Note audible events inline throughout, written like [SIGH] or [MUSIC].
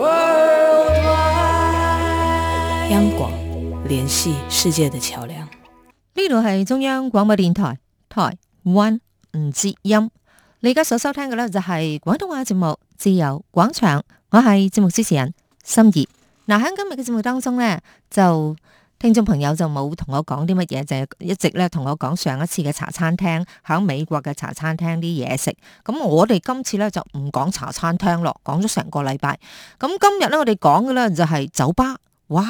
World 央廣聯繫世界的橋樑，呢度係中央廣播電台台灣之音。你而家所收聽嘅呢，就係廣東話節目《自由廣場》，我係節目主持人心儀。嗱，喺今日嘅節目當中呢，就。聽眾朋友就冇同我講啲乜嘢，就係、是、一直咧同我講上一次嘅茶餐廳，喺美國嘅茶餐廳啲嘢食。咁我哋今次咧就唔講茶餐廳咯，講咗成個禮拜。咁今日咧我哋講嘅咧就係酒吧。哇，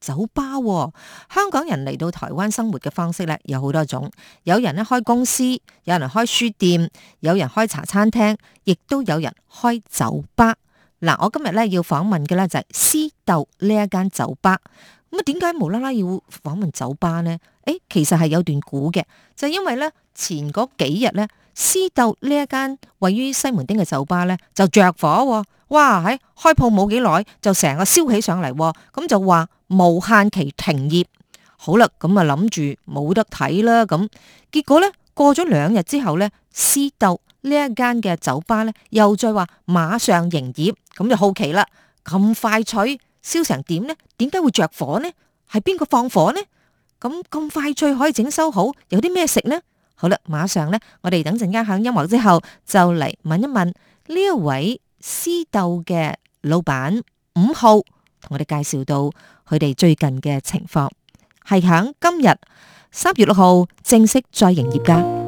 酒吧、哦、香港人嚟到台灣生活嘅方式咧有好多種，有人咧開公司，有人開書店，有人開茶餐廳，亦都有人開酒吧。嗱，我今日咧要訪問嘅咧就係獅鬥呢一間酒吧。咁啊，點解無啦啦要訪問酒吧呢？誒、欸，其實係有段古嘅，就係、是、因為呢，前嗰幾日呢，獅鬥呢一間位於西門町嘅酒吧呢，就着火、哦，哇喺、欸、開鋪冇幾耐就成個燒起上嚟，哦，咁就話無限期停業。好啦，咁啊諗住冇得睇啦，咁結果呢，過咗兩日之後呢，獅鬥呢一間嘅酒吧呢，又再話馬上營業，咁就好奇啦，咁快取？燒成點呢？點解會着火呢？係邊個放火呢？咁咁快脆可以整修好？有啲咩食呢？好啦，馬上呢，我哋等陣間響音樂之後就嚟問一問呢一位獅鬥嘅老闆五號，同我哋介紹到佢哋最近嘅情況，係響今日三月六號正式再營業噶。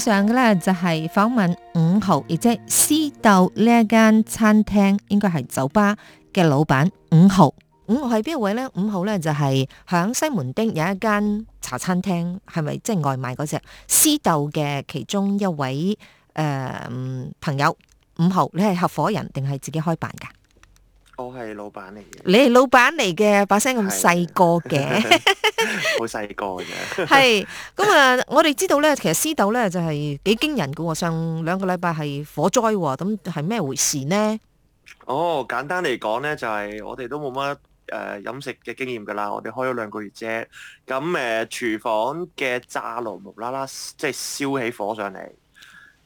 上嘅咧就係訪問五號，亦即獅鬥呢一間餐廳，應該係酒吧嘅老闆五號。五號係邊位呢？五號呢就係響西門町有一間茶餐廳，係咪即外賣嗰隻獅鬥嘅其中一位誒、呃、朋友？五號，你係合伙人定係自己開辦噶？都係老闆嚟嘅，你係老闆嚟嘅，把聲咁細個嘅，好細個嘅。係咁啊！我哋知道咧，其實私竇咧就係幾驚人噶喎。上兩個禮拜係火災喎，咁係咩回事呢？哦，簡單嚟講咧，就係、是、我哋都冇乜誒飲食嘅經驗噶啦。我哋開咗兩個月啫，咁誒廚房嘅炸爐無啦啦即係燒起火上嚟。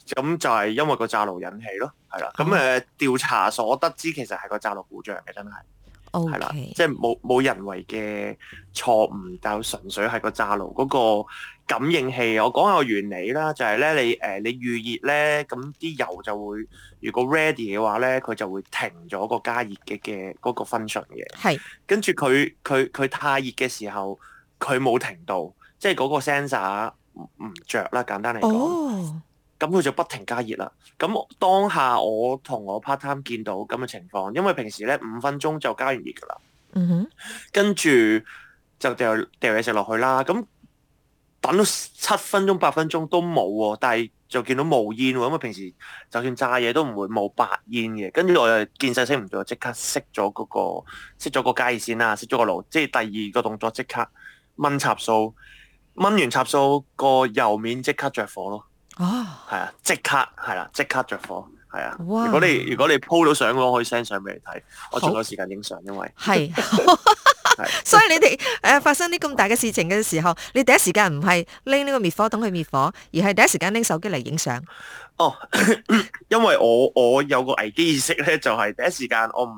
咁就係因為個炸爐引起咯，係啦。咁誒、oh. 嗯、調查所得知，其實係個炸爐故障嘅，真係，係啦 Okay.，即係冇冇人為嘅錯誤，但純粹係個炸爐嗰個感應器。我講下個原理啦，就係、是、咧，你誒你預熱咧，咁啲油就會，如果 ready 嘅話咧，佢就會停咗個加熱嘅嘅嗰個 function 嘅。係是，跟住佢佢佢太熱嘅時候，佢冇停到，即係嗰個 sensor 唔着啦。簡單嚟講。Oh. 咁佢就不停加熱啦。咁當下我同我 part time 見到咁嘅情況，因為平時咧五分鐘就加完熱噶啦。嗯、哼跟住就掉掉嘢食落去啦。咁等咗七分鐘、八分鐘都冇喎，但係就見到冒煙喎。因為平時就算炸嘢都唔會冒白煙嘅。跟住我又見晒識唔到，即刻熄咗嗰個熄咗個加熱線啦，熄咗個爐。即係第二個動作即刻掹插數，掹完插數個油面即刻着火咯。哦，係啊、oh.，即刻係啦，即刻着火，係啊 Wow.。如果你如果你鋪到相，我可以 send 相俾你睇。我仲有時間影相，因為係，所以你哋誒、呃、發生啲咁大嘅事情嘅時候，你第一時間唔係拎呢個滅火筒去滅火，而係第一時間拎手機嚟影相。哦、oh, [COUGHS] 因為我我有個危機意識咧，就係、是、第一時間我唔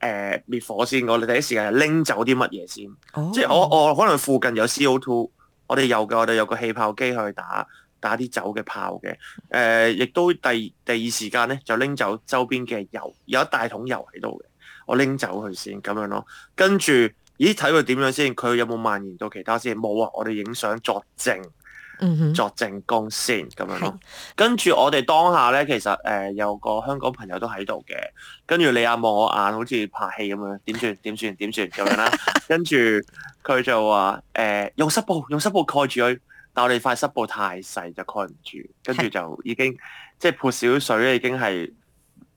係誒滅火先，我哋第一時間係拎走啲乜嘢先。Oh. 即係我我可能附近有 C O two，我哋有嘅，我哋有，有個氣泡機去打。打啲酒嘅炮嘅，誒、呃，亦都第二第二時間咧就拎走周邊嘅油，有一大桶油喺度嘅，我拎走佢先咁樣咯。跟住，咦，睇佢點樣先？佢有冇蔓延到其他先？冇啊！我哋影相作證，嗯、哼作證供先咁樣咯。是跟住我哋當下咧，其實誒、呃、有個香港朋友都喺度嘅，跟住你眼、啊、望我眼，好似拍戲咁樣。點算？點算？點算咁樣啦。 [LAUGHS] 跟住佢就話誒、呃，用濕布，用濕布蓋住佢。但我哋塊濕布太細就蓋唔住，跟住就已經 [LAUGHS] 即係潑少水已經係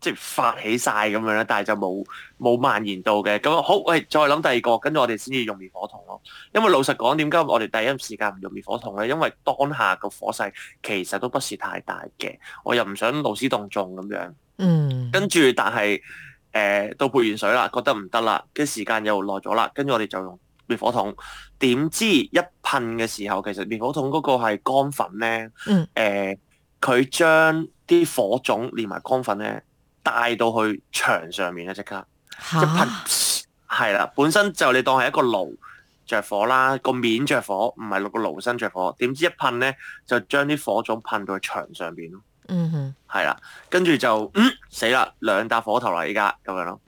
即係發起晒咁樣啦，但係就冇冇蔓延到嘅。咁好，喂，再諗第二個，跟住我哋先至用滅火筒咯。因為老實講，點解我哋第一時間唔用滅火筒咧？因為當下個火勢其實都不是太大嘅，我又唔想勞師動眾咁樣。嗯。跟住，但係誒、呃、到潑完水啦，覺得唔得啦，跟住時間又耐咗啦，跟住我哋就用。滅火筒點知一噴嘅時候，其實滅火筒嗰個係乾粉咧，誒佢將啲火種連埋乾粉咧帶到去牆上面咧，即刻一噴，係啦、啊，本身就你當係一個爐着火啦，個面着火，唔係六個爐身着火，點知一噴咧就將啲火種噴到去牆上面咯，嗯哼，係啦，跟住就嗯，死啦，兩笪火頭啦，依家咁樣咯。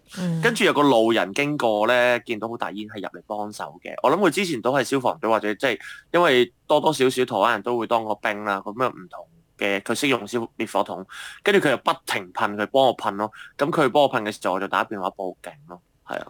跟住、嗯、有個路人經過咧，見到好大煙，係入嚟幫手嘅。我諗佢之前都係消防隊或者即係，因為多多少少台灣人都會當個兵啦。咁樣唔同嘅，佢識用消滅火筒，跟住佢又不停噴，佢幫我噴咯。咁佢幫我噴嘅時候，我就打電話報警咯。係啊，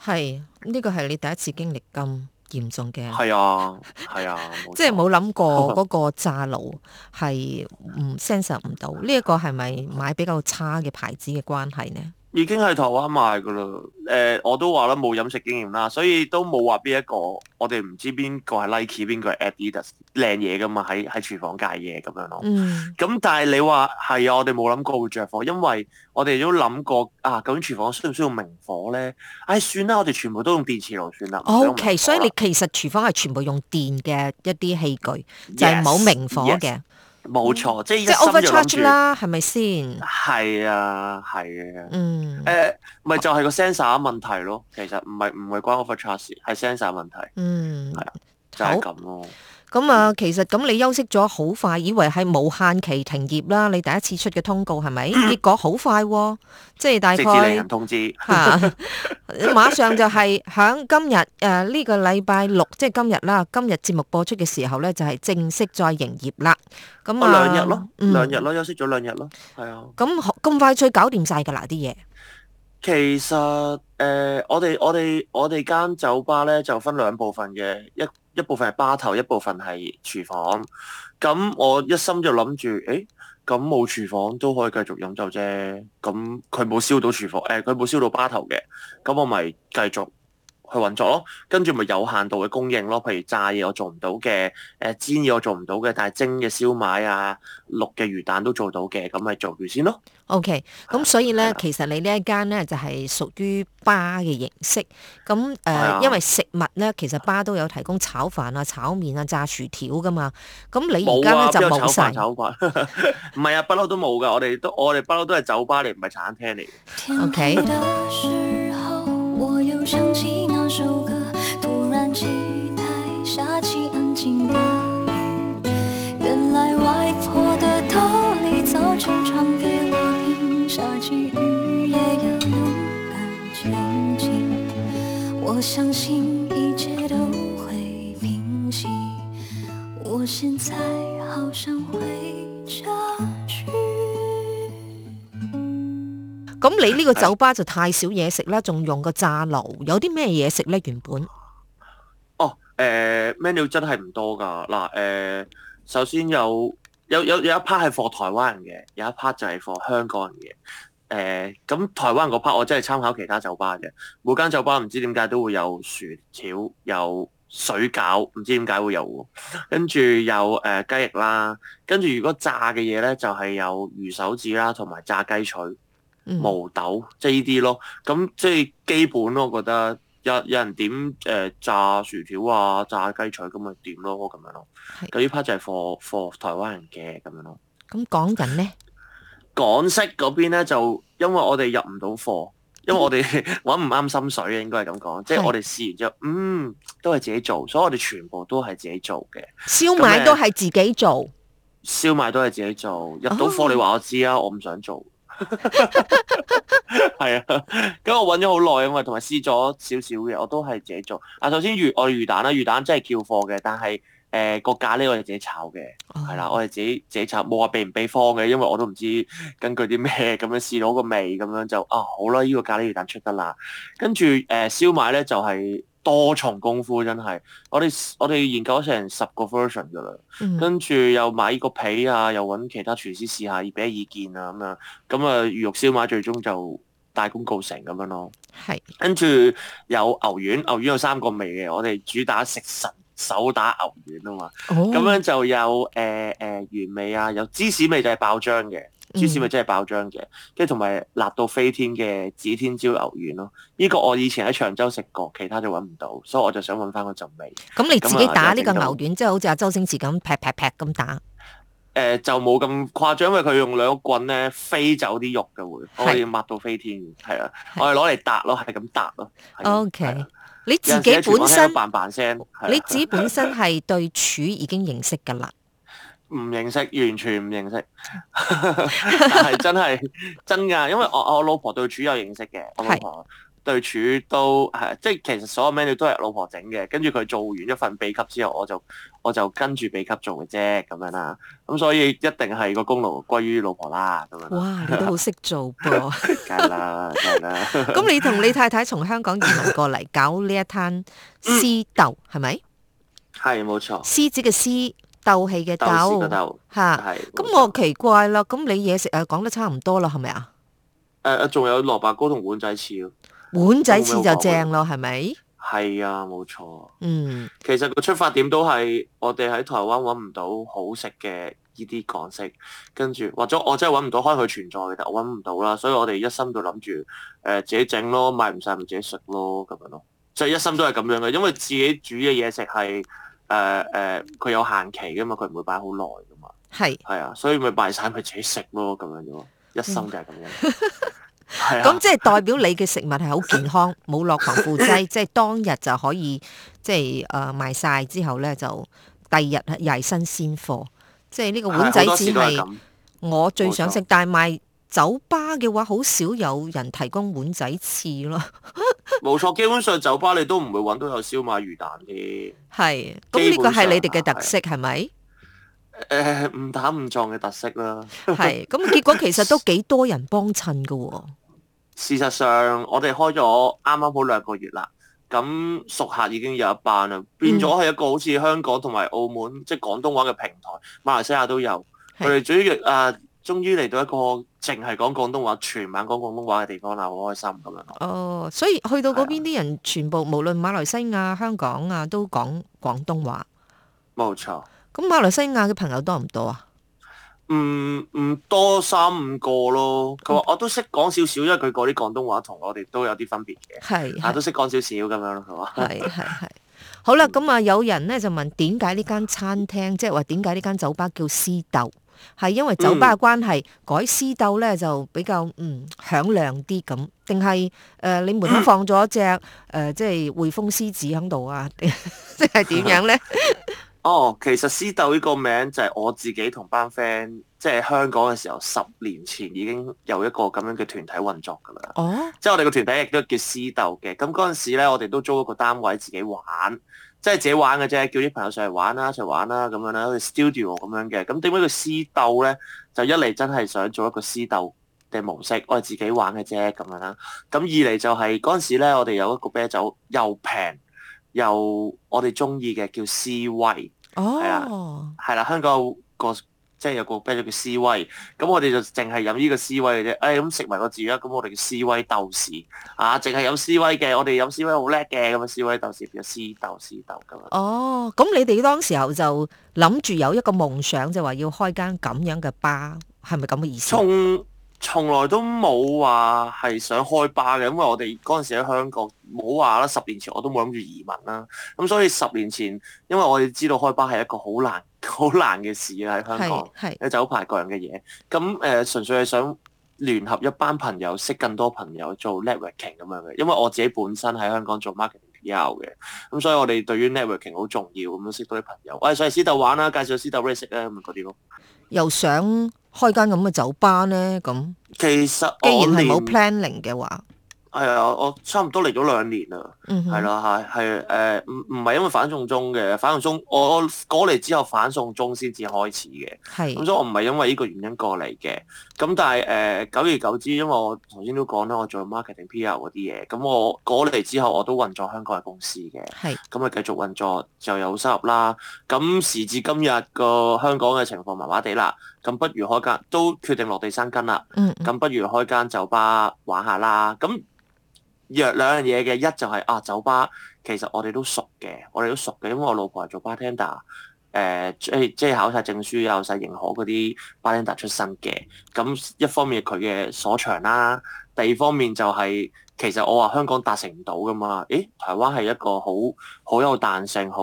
係呢個係你第一次經歷咁嚴重嘅。係啊，係啊， [LAUGHS] 錯即係冇諗過嗰個炸爐係唔 sense 唔到。呢、這、一個係咪買比較差嘅牌子嘅關係呢？已經係台灣買噶啦，誒、呃，我都話啦冇飲食經驗啦，所以都冇話邊一個，我哋唔知邊個係 Nike 邊個係 Adidas 靚嘢噶嘛，喺喺廚房界嘢咁樣咯。咁、嗯嗯、但係你話係啊，我哋冇諗過會着火，因為我哋都諗過啊，咁究竟廚房需唔需要明火咧？唉、哎，算啦，我哋全部都用電磁爐算啦。Okay，所以你其實廚房係全部用電嘅一啲器具，就係冇明火嘅。Yes, yes. 冇錯，嗯、即係 overcharge 啦，係咪先？係啊，係嘅、啊。啊、嗯。誒、欸，咪就係、係、個 sensor 問題咯。其實唔係唔係關 overcharge，係 sensor 問題。嗯。係啊，就係、係、咁咯。咁啊、嗯，其實咁你休息咗好快，以為係無限期停業啦。你第一次出嘅通告係咪？是是嗯、結果好快喎、哦，即、就、係、是、大概通知嚇、 [LAUGHS] 啊，馬上就係響今日誒呢、呃這個禮拜六，即係今日啦。今日節目播出嘅時候呢，就係、是、正式再營業啦。咁啊兩日咯，兩日咯、嗯，休息咗兩日咯。係啊，咁咁、嗯、快脆搞掂晒㗎啦啲嘢。其實誒、呃，我哋我哋我哋間酒吧呢，就分兩部分嘅，一一部分係巴頭，一部分係廚房。咁我一心就諗住，誒、欸，咁冇廚房都可以繼續飲酒啫。咁佢冇燒到廚房，誒、欸，佢冇燒到巴頭嘅，咁我咪繼續。去運作咯，跟住咪有限度嘅供應咯。譬如炸嘢我做唔到嘅，誒煎嘢我做唔到嘅，但係蒸嘅燒賣啊、淥嘅魚蛋都做到嘅，咁咪做住先咯。OK，咁所以咧，其實你呢一間咧就係屬於巴嘅形式。咁誒，因為食物咧，其實巴都有提供炒飯啊、炒麵啊、炸薯條噶嘛。咁你而家咧就冇曬。炒飯，唔係啊，不嬲都冇噶。我哋都我哋不嬲都係酒吧，你唔係餐廳嚟嘅。OK。相信一切都會平息。我現在好想回家去。咁你呢個酒吧就太少嘢食啦，仲用個炸爐，有啲咩嘢食呢？原、哎、本，哦，誒，menu 真係唔多噶嗱，誒、呃，首先有有有有一 part 係貨台灣人嘅，有一 part 就係貨香港人嘅。誒，咁、呃、台灣嗰 part 我真係參考其他酒吧嘅，每間酒吧唔知點解都會有薯條、有水餃，唔知點解會有，跟住有誒雞、呃、翼啦，跟住如果炸嘅嘢咧就係有魚手指啦，同埋炸雞腿、毛豆，即係呢啲咯。咁即係基本咯，我覺得有有人點誒炸薯條啊、炸雞腿咁咪點咯，咁樣咯。嗰啲 part 就係 for for 台灣人嘅咁樣咯。咁港、嗯、人咧？港式嗰邊咧，就因為我哋入唔到貨，因為我哋揾唔啱心水嘅，應該係咁講。是即係我哋試完之後，嗯，都係自己做，所以我哋全部都係自己做嘅。嗯，燒賣都係自己做，燒賣都係自己做。入到貨你話我知啊，我唔想做。係啊，咁我揾咗好耐啊嘛，同埋試咗少少嘅，我都係自己做。啊，首先魚我魚蛋啦，魚蛋真係叫貨嘅，但係。誒個咖喱我哋自己炒嘅，係啦，我哋自己自己炒，冇話秘唔秘方嘅，因為我都唔知根據啲咩咁樣試到個味，咁樣就啊，好啦，呢個咖喱魚蛋出得啦。跟住誒燒賣咧就係多重功夫，真係我哋我哋研究咗成十個 version 噶啦，跟住又買依個皮啊，又揾其他廚師試下，要俾啲意見啊咁樣，咁啊魚肉燒賣最終就大功告成咁樣咯。係，跟住有牛丸，牛丸有三個味嘅，我哋主打食神。手打牛丸啊嘛，咁樣就有誒誒原味啊，有芝士味就係爆漿嘅，芝士味真係爆漿嘅，跟住同埋辣到飛天嘅指天椒牛丸咯。呢個我以前喺長洲食過，其他就揾唔到，所以我就想揾翻嗰陣味。咁你自己打呢個牛丸，即係好似阿周星馳咁劈劈劈咁打？誒，就冇咁誇張，因為佢用兩個棍咧飛走啲肉嘅會，可以抹到飛天嘅，係啊，我哋攞嚟揼咯，係咁揼咯。OK。你自己本身，你自己本身係對柱已經認識噶啦。唔認識，完全唔認識，係 [LAUGHS] 真係真噶，因為我我老婆對柱有認識嘅，我老婆。對廚都係，即係其實所有 menu 都係老婆整嘅。跟住佢做完一份秘笈之後，我就我就跟住秘笈做嘅啫咁樣啦。咁所以一定係個功勞歸於老婆啦。咁樣哇，你都好識做噃。梗係啦，梗係啦。咁你同你太太從香港移民過嚟搞呢一攤獅鬥係咪？係冇、嗯、錯。獅子嘅獅，鬥氣嘅鬥。鬥士嘅鬥。係。咁是錯我奇怪啦，咁你嘢食啊講得差唔多啦，係咪啊？誒、啊、仲、啊啊啊 [LAUGHS] 啊、有蘿蔔糕同碗仔翅。碗仔翅就正咯，係咪？係啊，冇錯。嗯，其實個出發點都係我哋喺台灣揾唔到好食嘅依啲港式，跟住或者我真係揾唔到開佢存在嘅，但我揾唔到啦，所以我哋一心就諗住誒自己整咯，賣唔晒咪自己食咯，咁樣咯。即係一心都係咁樣嘅，因為自己煮嘅嘢食係誒誒，佢有限期噶嘛，佢唔會擺好耐噶嘛。係係啊，所以咪賣晒佢自己食咯，咁樣咯，一心就係咁樣。咁即係代表你嘅食物係好健康，冇落防腐劑，即係當日就可以即係誒賣晒之後咧，就第二日又係新鮮貨，即係呢個碗仔翅係我最想食，但係賣酒吧嘅話，好少有人提供碗仔翅咯。冇錯，基本上酒吧你都唔會搵到有燒賣魚蛋啲。係，咁呢個係你哋嘅特色係咪？誒，唔打唔撞嘅特色啦。係，咁結果其實都幾多人幫襯噶。事實上，我哋開咗啱啱好兩個月啦，咁熟客已經有一班啦，變咗係一個好似香港同埋澳門、嗯、即係廣東話嘅平台，馬來西亞都有。佢哋是終於啊、呃，終於嚟到一個淨係講廣東話、全晚講廣東話嘅地方啦，好開心咁樣。哦，所以去到嗰邊啲人全部、啊、無論馬來西亞、香港啊，都講廣東話。冇錯。咁馬來西亞嘅朋友多唔多啊？唔唔、嗯嗯、多三五個咯，佢話我都識講少少，因為佢嗰啲廣東話同我哋都有啲分別嘅，係吓是、啊、都識講少少咁樣咯，係嘛？係係係，好啦，咁啊 [LAUGHS] 有人咧就問點解呢間餐廳，即係話點解呢間酒吧叫獅鬥？係因為酒吧嘅關係、嗯、改獅鬥咧就比較嗯響亮啲咁，定係誒你門口放咗一隻誒即係匯豐獅子喺度啊，即係點樣咧？ [LAUGHS] 哦，oh, 其實獅鬥呢個名就係我自己同班 friend，即係香港嘅時候，十年前已經有一個咁樣嘅團體運作㗎啦。哦，oh? 即係我哋個團體亦都叫獅鬥嘅。咁嗰陣時咧，我哋都租一個單位自己玩，即係自己玩嘅啫，叫啲朋友上嚟玩啦，一齊玩啦咁樣啦，好似 studio 咁樣嘅。咁點解叫獅鬥咧？就一嚟真係想做一個私竇嘅模式，我係自己玩嘅啫咁樣啦。咁二嚟就係嗰陣時咧，我哋有一個啤酒又平。有我哋中意嘅叫 C 威，係啦，係啦，香港有個即係有個咩叫 C 威，咁我哋就淨係飲呢個 C 威嘅啫。誒，咁食埋個字啦，咁我哋叫 C 威豆豉啊，淨係飲 C 威嘅，我哋飲 C 威好叻嘅，咁啊 C 威豆豉叫咗 C、y、豆豉豆咁啊。哦，咁、oh, 你哋當時候就諗住有一個夢想，就話、是、要開間咁樣嘅吧，係咪咁嘅意思？從來都冇話係想開巴嘅，因為我哋嗰陣時喺香港，冇話啦。十年前我都冇諗住移民啦，咁、嗯、所以十年前，因為我哋知道開巴係一個好難、好難嘅事啊，喺香港，係一走排各樣嘅嘢。咁、嗯、誒、呃，純粹係想聯合一班朋友，識更多朋友，做 networking 咁樣嘅。因為我自己本身喺香港做 marketing d 嘅，咁、嗯、所以我哋對於 networking 好重要，咁、嗯、樣識到啲朋友。我喂，所以去師竇玩啦，介紹師竇 race 咧。咁嗰啲咯。又想，開間咁嘅酒吧咧，咁其實既然係冇 planning 嘅話，係啊，我差唔多嚟咗兩年啦，係啦、嗯哼，係係誒，唔唔係因為反送中嘅，反送中我過嚟之後反送中先至開始嘅，係咁的，所以我唔係因為呢個原因過嚟嘅，咁但係誒、呃、久而久之，因為我頭先都講啦，我做 marketing P R 嗰啲嘢，咁我過嚟之後我都運作香港嘅公司嘅，係咁啊，繼續運作就有收入啦，咁時至今日個香港嘅情況麻麻地啦。咁不如開間都決定落地生根啦。咁、mm hmm. 不如開間酒吧玩下啦。咁約兩樣嘢嘅，一就係、是、啊酒吧，其實我哋都熟嘅，我哋都熟嘅，因為我老婆係做 bartender，誒、呃、即係即係考晒證書，有晒認可嗰啲 bartender 出身嘅。咁一方面佢嘅所長啦，第二方面就係、是、其實我話香港達成唔到㗎嘛。誒，台灣係一個好好有彈性好。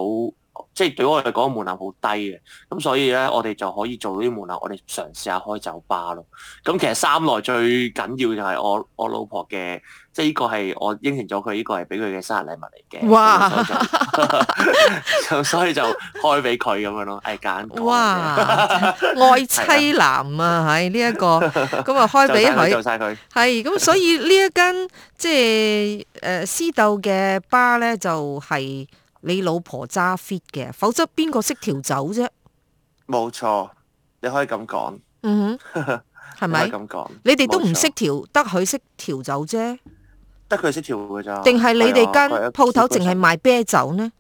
即係對我嚟講門檻好低嘅，咁所以咧，我哋就可以做啲門檻，我哋嘗試下開酒吧咯。咁其實三來最緊要就係我我老婆嘅，即係呢個係我應承咗佢，呢、這個係俾佢嘅生日禮物嚟嘅。哇！咁 [LAUGHS] [LAUGHS] 所以就開俾佢咁樣咯，誒揀。哇！愛妻男啊，喺呢一個咁啊，開俾佢。就晒佢。係咁，所以呢一間即係誒私竇嘅吧咧，就係。你老婆揸 fit 嘅，否則邊個識調酒啫？冇錯，你可以咁講。嗯哼、mm，係咪咁講？ [LAUGHS] 你哋都唔識調，得佢識調酒啫。得佢識調嘅咋？定係你哋間鋪頭淨係賣啤酒呢？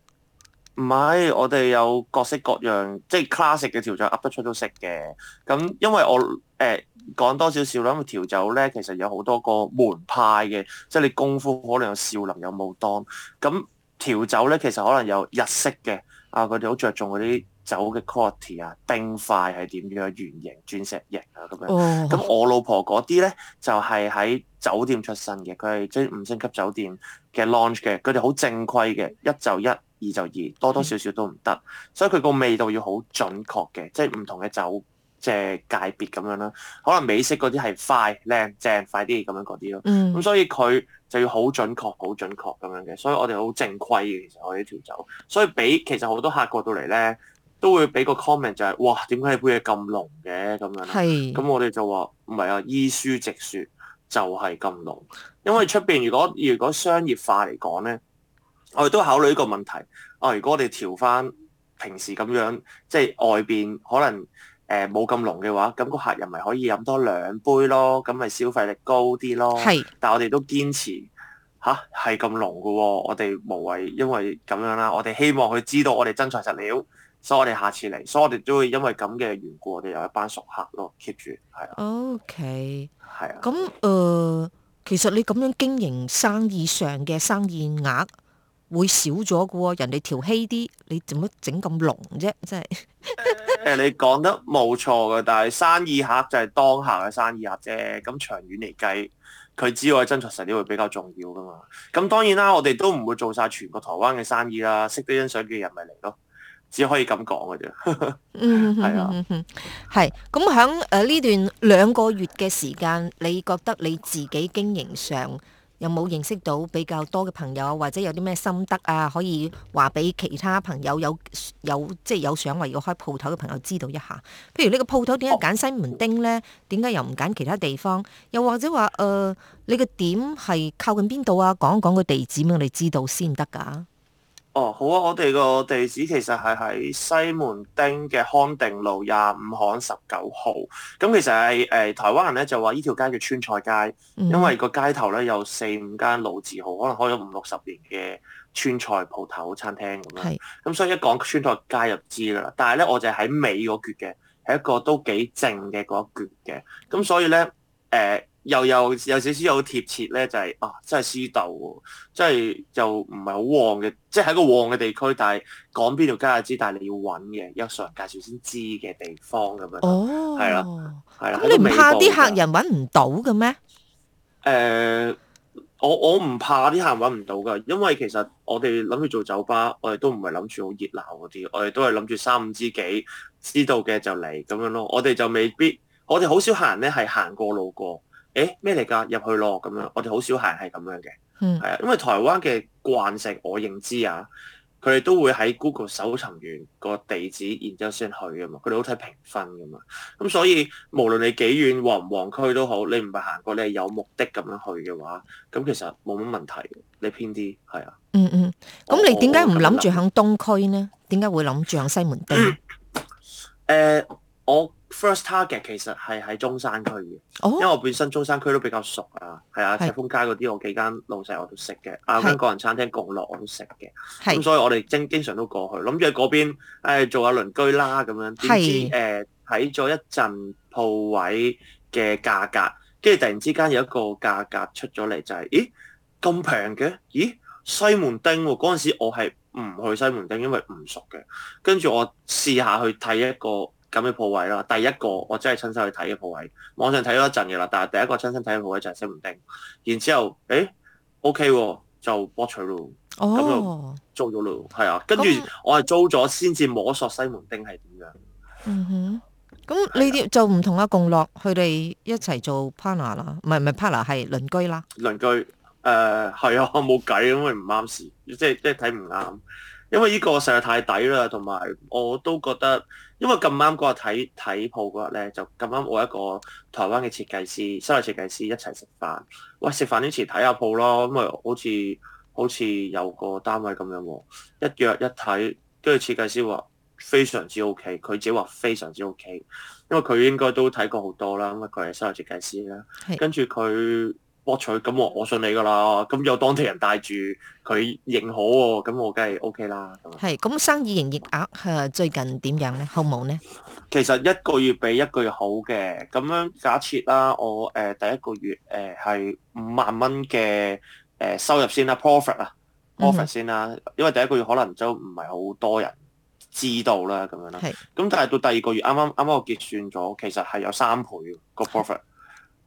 唔係， [LAUGHS] 我哋有各式各樣，即係 classic 嘅調酒，up 得出都識嘅。咁因為我誒講、呃、多少少啦，咁調酒呢其實有好多個門派嘅，即係你功夫可能有少林有武當咁。調酒咧，其實可能有日式嘅，啊佢哋好着重嗰啲酒嘅 quality 啊，冰塊係點樣，圓形、鑽石形啊咁樣。咁、哦、我老婆嗰啲咧，就係、是、喺酒店出身嘅，佢係即五星級酒店嘅 lounge 嘅，佢哋好正規嘅，一就一，二就二，多多少少都唔得，嗯、所以佢個味道要好準確嘅，即係唔同嘅酒。即係界別咁樣啦，可能美式嗰啲係快、靚、正、快啲咁樣嗰啲咯。咁、嗯、所以佢就要好準確、好準確咁樣嘅。所以我哋好正規嘅，其實我哋調酒。所以俾其實好多客過到嚟咧，都會俾個 comment 就係、是：哇，點解杯嘢咁濃嘅咁樣？咁是我哋就話唔係啊，依書直説就係咁濃。因為出邊如果如果商業化嚟講咧，我哋都考慮呢個問題。啊、哦，如果我哋調翻平時咁樣，即係外邊可能。誒冇咁濃嘅話，咁個客人咪可以飲多兩杯咯，咁咪消費力高啲咯。係是，但我哋都堅持吓，係咁濃嘅喎，我哋無謂因為咁樣啦。我哋希望佢知道我哋真材實料，所以我哋下次嚟，所以我哋都會因為咁嘅緣故，我哋有一班熟客咯，keep 住係啊。OK，係啊。咁誒、呃，其實你咁樣經營生意上嘅生意額。會少咗嘅，人哋調稀啲，你做乜整咁濃啫？即係、欸。誒， [LAUGHS] 你講得冇錯嘅，但係生意客就係當下嘅生意客啫。咁長遠嚟計，佢只之外真材實料會比較重要噶嘛。咁當然啦、啊，我哋都唔會做晒全部台灣嘅生意啦。識得欣賞嘅人咪嚟咯，只可以咁講嘅啫。嗯，係啊，係。咁響誒呢段兩個月嘅時間，你覺得你自己經營上？有冇認識到比較多嘅朋友，或者有啲咩心得啊？可以話俾其他朋友有有即係、就是、有想話要開鋪頭嘅朋友知道一下。譬如你個鋪頭點解揀西門町咧？點解又唔揀其他地方？又或者話誒、呃，你個點係靠近邊度啊？講一講個地址俾我哋知道先得㗎。哦，好啊！我哋個地址其實係喺西門町嘅康定路廿五巷十九號。咁其實係誒、呃、台灣人咧就話依條街叫川菜街，因為個街頭咧有四五間老字號，可能開咗五六十年嘅川菜鋪頭、餐廳咁樣。咁是、嗯、所以一講川菜街就知啦。但係咧，我哋喺尾嗰橛嘅，係一個都幾靜嘅嗰一橛嘅。咁、嗯、所以咧，誒、呃。又有有少少有貼切咧，就係、是、啊，真係私竇喎，真係就唔係好旺嘅，即係喺個旺嘅地區，但係講邊條街知，但係你要揾嘅，由熟人介紹先知嘅地方咁、哦、樣，係啦，係啦、嗯。咁的你唔怕啲客人揾唔到嘅咩？誒、呃，我我唔怕啲客人揾唔到噶，因為其實我哋諗住做酒吧，我哋都唔係諗住好熱鬧嗰啲，我哋都係諗住三五知己知道嘅就嚟咁樣咯。我哋就未必，我哋好少客人咧係行過路過。誒咩嚟㗎？入、欸、去咯咁樣，我哋好少行係咁樣嘅，係、嗯、啊，因為台灣嘅慣性我認知啊，佢哋都會喺 Google 搜尋完個地址，然之後先去㗎嘛。佢哋好睇評分噶嘛，咁、嗯、所以無論你幾遠，旺唔旺區都好，你唔係行過，你係有目的咁樣去嘅話，咁其實冇乜問題。你偏啲係啊。嗯嗯，咁、嗯嗯嗯嗯、你點解唔諗住響東區呢？點解會諗住向西門町？誒、嗯呃，我。First target 其實係喺中山區嘅，哦、因為我本身中山區都比較熟啊，係、哦、啊赤峰街嗰啲是我幾間老細我都識嘅，是啊間個人餐廳共樂我都識嘅，咁是、嗯、所以我哋經經常都過去，諗住嗰邊誒、呃、做下鄰居啦咁樣，點知誒睇咗一陣鋪位嘅價格，跟住突然之間有一個價格出咗嚟就係、是，咦咁平嘅？咦西門町嗰、啊、陣時我係唔去西門町，因為唔熟嘅，跟住我試下去睇一個。咁嘅鋪位咯，第一個我真係親身去睇嘅鋪位，網上睇咗一陣嘅啦，但係第一個親身睇嘅鋪位就西門町，然之後，誒、欸、OK 喎，就博取咯，咁、哦、就租咗咯，係啊，跟住我係租咗先至摸索西門町係點樣嗯。嗯哼，咁、嗯、 [LAUGHS] 你啲就唔同阿共樂佢哋一齊做 partner 啦，唔係唔係 partner 係鄰居啦。鄰居，誒係啊，我冇計，因為唔啱事，即係即係睇唔啱。因為呢個實在太抵啦，同埋我都覺得，因為咁啱嗰日睇睇鋪嗰日咧，就咁啱我一個台灣嘅設計師，室內設計師一齊食飯。喂，食飯之前睇下鋪咯，咁咪好似好似有個單位咁樣喎、啊，一約一睇，跟住設計師話非常之 OK，佢自己話非常之 OK，因為佢應該都睇過好多啦，因為佢係室內設計師啦，跟住佢。博取，咁我我信你噶啦，咁有當地人帶住佢認可喎，咁我梗係 O K 啦。係咁，生意營業額係最近點樣咧？好唔好咧？其實一個月比一個月好嘅，咁樣假設啦，我誒第一個月誒係五萬蚊嘅誒收入先啦，profit 啊，profit 先啦，嗯、因為第一個月可能就唔係好多人知道啦，咁樣啦。係是。咁但係到第二個月，啱啱啱啱我結算咗，其實係有三倍個 profit。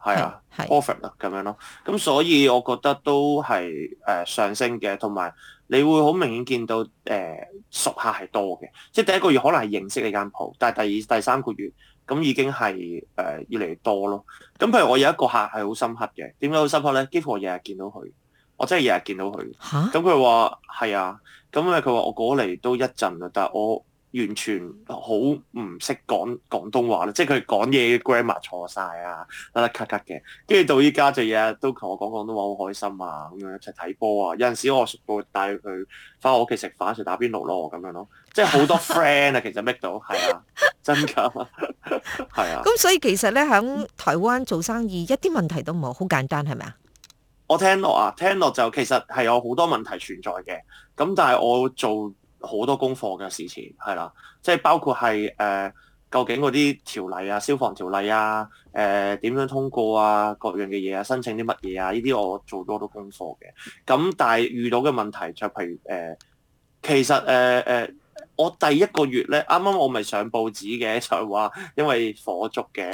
係啊，perfect 啦咁樣咯，咁所以我覺得都係誒、呃、上升嘅，同埋你會好明顯見到誒、呃、熟客係多嘅，即係第一個月可能係認識你間鋪，但係第二、第三個月咁已經係誒、呃、越嚟越多咯。咁譬如我有一個客係好深刻嘅，點解好深刻咧？幾乎我日日見到佢，我真係日日見到佢。嚇！咁佢話係啊，咁因佢話我過嚟都一陣啊。但係我。完全好唔識講廣東話啦，即係佢講嘢 grammar 錯晒啊，甩甩咳咳嘅，跟住到依家就日日都同我講廣東話，好開心啊，咁樣一齊睇波啊，有陣時我會帶佢返我屋企食飯，一齊打邊爐咯，咁樣咯，即係好多 friend 啊， [LAUGHS] 其實 make 到係啊，真㗎，係 [LAUGHS] 啊。咁所以其實咧，喺台灣做生意一啲問題都冇，好簡單係咪啊？我聽落啊，聽落就其實係有好多問題存在嘅，咁但係我做。好多功課嘅事情係啦，即係包括係誒、呃，究竟嗰啲條例啊、消防條例啊、誒、呃、點樣通過啊、各樣嘅嘢啊、申請啲乜嘢啊，呢啲我做多多功課嘅，咁但係遇到嘅問題就譬如誒，其實誒誒。呃呃我第一個月咧，啱啱我咪上報紙嘅，就係、是、話因為火燭嘅，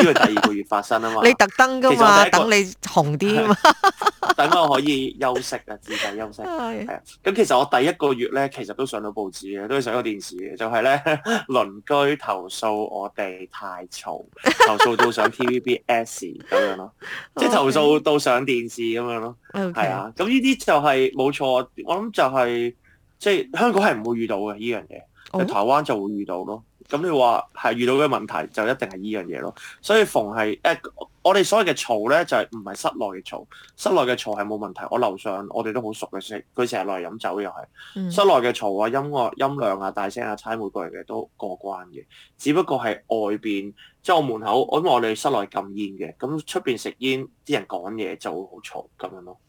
因為 [LAUGHS] 第二個月發生啊嘛。 [LAUGHS] 你特登噶嘛，其實我等你紅啲，嘛， [LAUGHS] 等我可以休息啊，自己休息。係啊 [LAUGHS] 是，咁、嗯、其實我第一個月咧，其實都上到報紙嘅，都上到電視嘅，就係咧鄰居投訴我哋太嘈，投訴到上 TVBS 咁 [LAUGHS] 樣咯，即係投訴到上電視咁樣咯。係啊，咁呢啲就係冇錯，我諗就係。Okay. [LAUGHS] [LAUGHS] 即係香港係唔會遇到嘅呢樣嘢，oh. 台灣就會遇到囉。咁你話係遇到嘅問題就一定係依樣嘢咯，所以逢係誒我哋所謂嘅嘈咧就係唔係室內嘅嘈，室內嘅嘈係冇問題。我樓上我哋都好熟嘅，識佢成日落嚟飲酒又係，室內嘅嘈啊、音樂音量啊、大聲啊、猜每個人嘅都過關嘅，只不過係外邊即係我門口，我因為我哋室內禁煙嘅，咁出邊食煙啲人講嘢就會好嘈咁樣咯，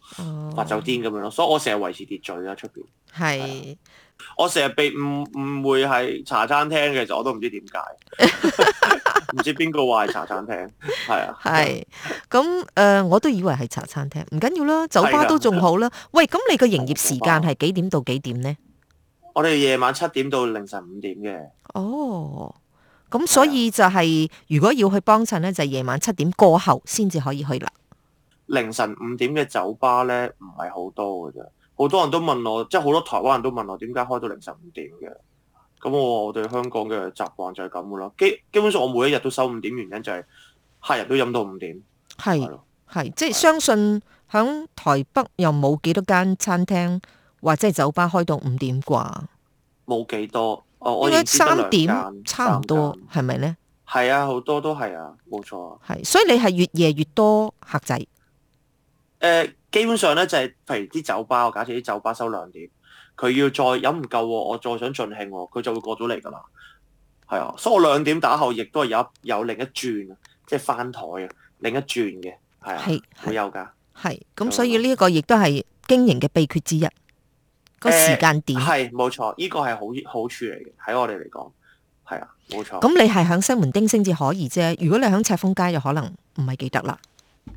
發酒癲咁樣咯，所以我成日維持秩序啦出邊。係。我成日被誤誤會係茶餐廳，其實我都唔知點解，唔 [LAUGHS] [LAUGHS] 知邊個話係茶餐廳，係啊，係咁誒，我都以為係茶餐廳，唔緊要啦，酒吧都仲好啦。喂，咁你個營業時間係幾點到幾點呢？我哋夜晚七點到凌晨五點嘅。哦，咁所以就係、是、的如果要去幫襯呢，就係、是、夜晚七點過後先至可以去啦。凌晨五點嘅酒吧呢，唔係好多㗎咋。好多人都問我，即係好多台灣人都問我點解開到凌晨五點嘅？咁我我對香港嘅習慣就係咁嘅啦。基基本上我每一日都收五點，原因就係客人都飲到五點。係係，即係相信喺台北又冇幾多間餐廳或者係酒吧開到五點啩？冇幾多哦，我覺得三點差唔多，係咪呢？係啊，好多都係啊，冇錯。係，所以你係越夜越多客仔。呃基本上咧就係，譬如啲酒吧，假設啲酒吧收兩點，佢要再飲唔夠，我再想盡興，我佢就會過咗嚟噶啦。係啊，所以我兩點打後，亦都係有有另一轉，即係翻檯啊，另一轉嘅。係啊，係會有噶，係咁的的，所以呢一個亦都係經營嘅秘訣之一。個時間點，欸，係冇錯，呢個係好好處嚟嘅，喺我哋嚟講係啊，冇錯。咁你係響西門町先至可以啫，如果你響赤峰街，又可能唔係記得啦。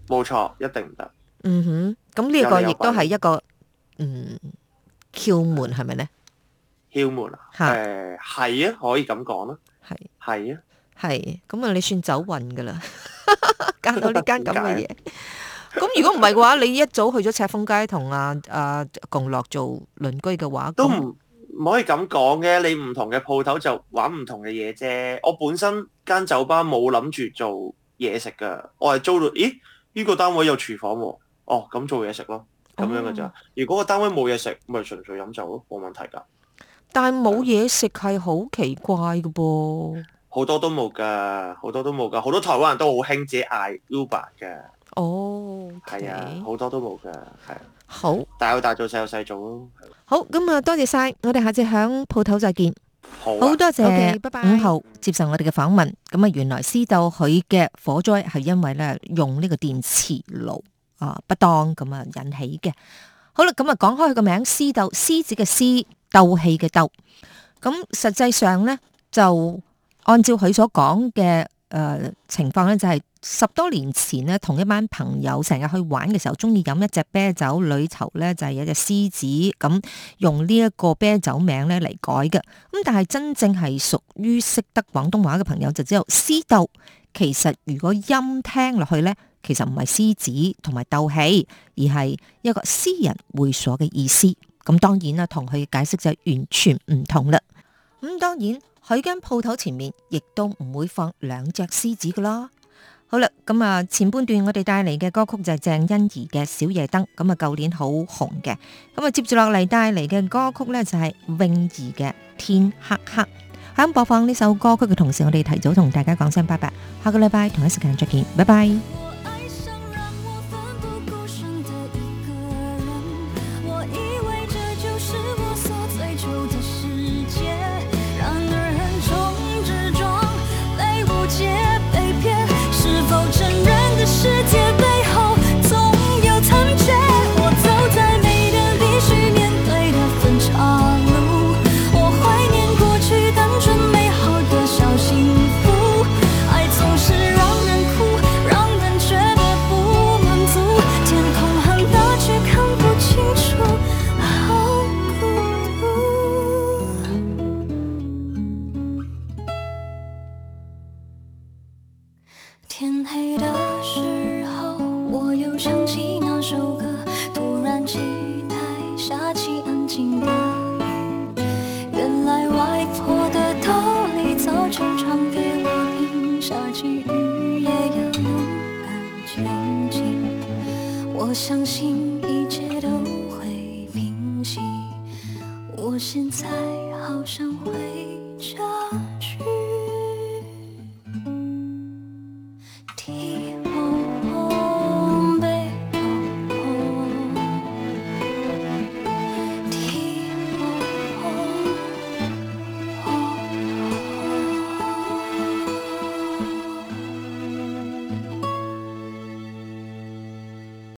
冇錯，一定唔得。嗯哼，咁呢個亦都係一個嗯竅門係咪呢？竅門啊？誒，係啊，可以咁講咯。係係啊，係咁啊，你算走運噶啦，揀到呢間咁嘅嘢。咁如果唔係嘅話，你一早去咗赤峰街同阿阿共樂做鄰居嘅話，都唔唔可以咁講嘅。你唔同嘅鋪頭就玩唔同嘅嘢啫。我本身間酒吧冇諗住做嘢食噶，我係租到，咦？呢個單位有廚房喎。哦，咁做嘢食咯，咁樣噶咋？如果個單位冇嘢食，咪純粹飲酒咯，冇問題噶。但係冇嘢食係好奇怪噶噃。好多都冇噶，好多都冇噶，好多台灣人都好興自己嗌 Uber 噶。哦，係啊，好多都冇噶，係啊。好，大有大做，細有細做咯。好，咁啊，多謝晒，我哋下次響鋪頭再見。好，好多謝，拜拜。五號接受我哋嘅訪問，咁啊，原來獅鬥佢嘅火災係因為咧用呢個電磁爐。啊，不當咁啊引起嘅。好啦，咁啊講開佢個名，獅鬥，獅子嘅獅，鬥氣嘅鬥。咁、嗯、實際上呢，就按照佢所講嘅誒情況呢，就係、是、十多年前呢，同一班朋友成日去玩嘅時候，中意飲一隻啤酒，裏頭呢，就係有隻獅子咁、嗯，用呢一個啤酒名呢嚟改嘅。咁、嗯、但係真正係屬於識得廣東話嘅朋友就知道，獅鬥其實如果音聽落去呢。其實唔係獅子同埋鬥氣，而係一個私人會所嘅意思。咁當然啦、啊，同佢解釋就完全唔同啦。咁、嗯、當然，佢間鋪頭前面亦都唔會放兩隻獅子噶啦。好啦，咁啊，前半段我哋帶嚟嘅歌曲就係鄭欣宜嘅《小夜燈》，咁啊，舊年好紅嘅。咁啊，接住落嚟帶嚟嘅歌曲呢，就係泳兒嘅《天黑黑》。喺播放呢首歌曲嘅同時，我哋提早同大家講聲拜拜。下個禮拜同一時間再見，拜拜。